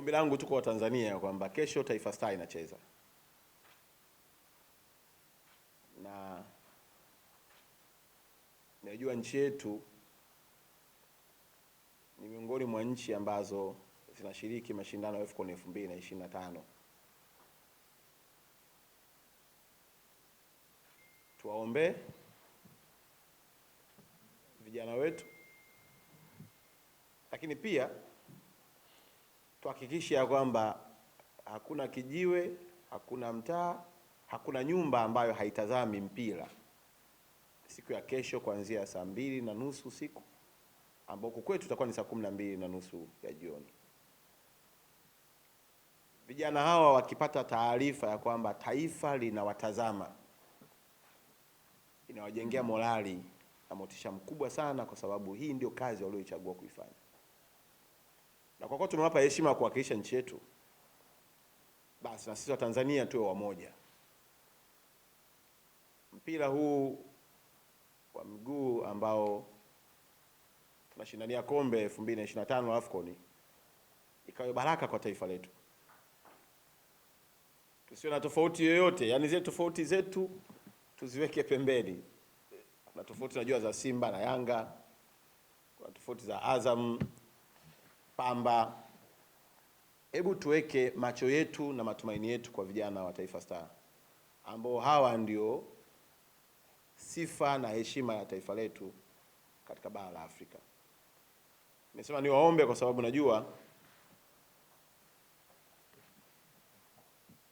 Ombi langu tu kwa Watanzania kwamba kesho Taifa Stars inacheza na najua nchi yetu ni miongoni mwa nchi ambazo zinashiriki mashindano ya AFCON 2025. Tuwaombee vijana wetu, lakini pia tuhakikishe ya kwamba hakuna kijiwe, hakuna mtaa, hakuna nyumba ambayo haitazami mpira siku ya kesho kuanzia saa mbili na nusu usiku ambao kwetu tutakuwa ni saa kumi na mbili na nusu ya jioni. Vijana hawa wakipata taarifa ya kwamba taifa linawatazama, inawajengea morali na motisha mkubwa sana, kwa sababu hii ndio kazi walioichagua kuifanya na kwa kuwa tumewapa heshima ya kuwakilisha nchi yetu, basi na sisi Watanzania tuwe wamoja. Mpira huu wa miguu ambao tunashindania kombe 2025 AFCON ikawe baraka kwa taifa letu, tusiwe na tofauti yoyote, yaani zile tofauti zetu tuziweke pembeni. Kuna tofauti najua za Simba na Yanga, kuna tofauti za Azam pamba. Hebu tuweke macho yetu na matumaini yetu kwa vijana wa Taifa Star ambao hawa ndio sifa na heshima ya taifa letu katika bara la Afrika. Nimesema niwaombe kwa sababu najua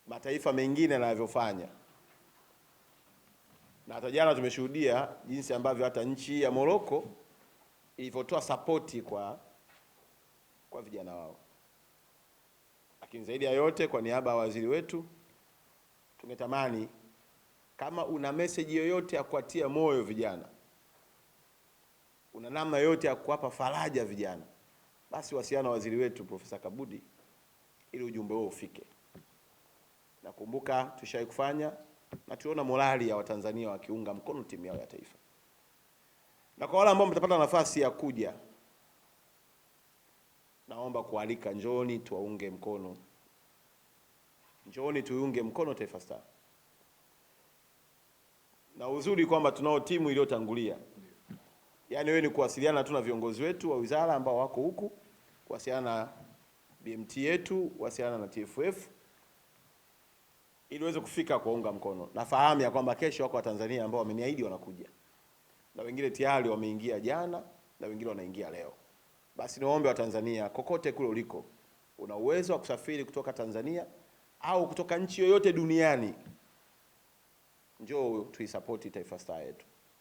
mataifa mengine yanavyofanya, na hata jana tumeshuhudia jinsi ambavyo hata nchi ya Morocco ilivyotoa sapoti kwa kwa vijana wao. Lakini zaidi ya yote, kwa niaba ya waziri wetu, tungetamani kama una meseji yoyote ya kuatia moyo vijana, una namna yoyote ya kuwapa faraja vijana, basi wasiana waziri wetu Profesa Kabudi ili ujumbe huo ufike. Nakumbuka tushawahi kufanya na tuliona morali ya Watanzania wakiunga mkono timu yao ya taifa. Na kwa wale ambao mtapata nafasi ya kuja naomba kualika, njoni tuwaunge mkono, njoni tuiunge mkono Taifa Stars, na uzuri kwamba tunao timu iliyotangulia. Yaani wewe ni kuwasiliana tu na viongozi wetu wa wizara ambao wako huku, kuwasiliana na BMT yetu, kuwasiliana na TFF ili uweze kufika kuwaunga mkono. Nafahamu ya kwamba kesho wako Watanzania ambao wameniahidi wanakuja, na wengine tayari wameingia jana na wengine wanaingia leo. Basi niwaombe Watanzania kokote kule uliko, una uwezo wa kusafiri kutoka Tanzania au kutoka nchi yoyote duniani, njoo tuisapoti Taifa yetu.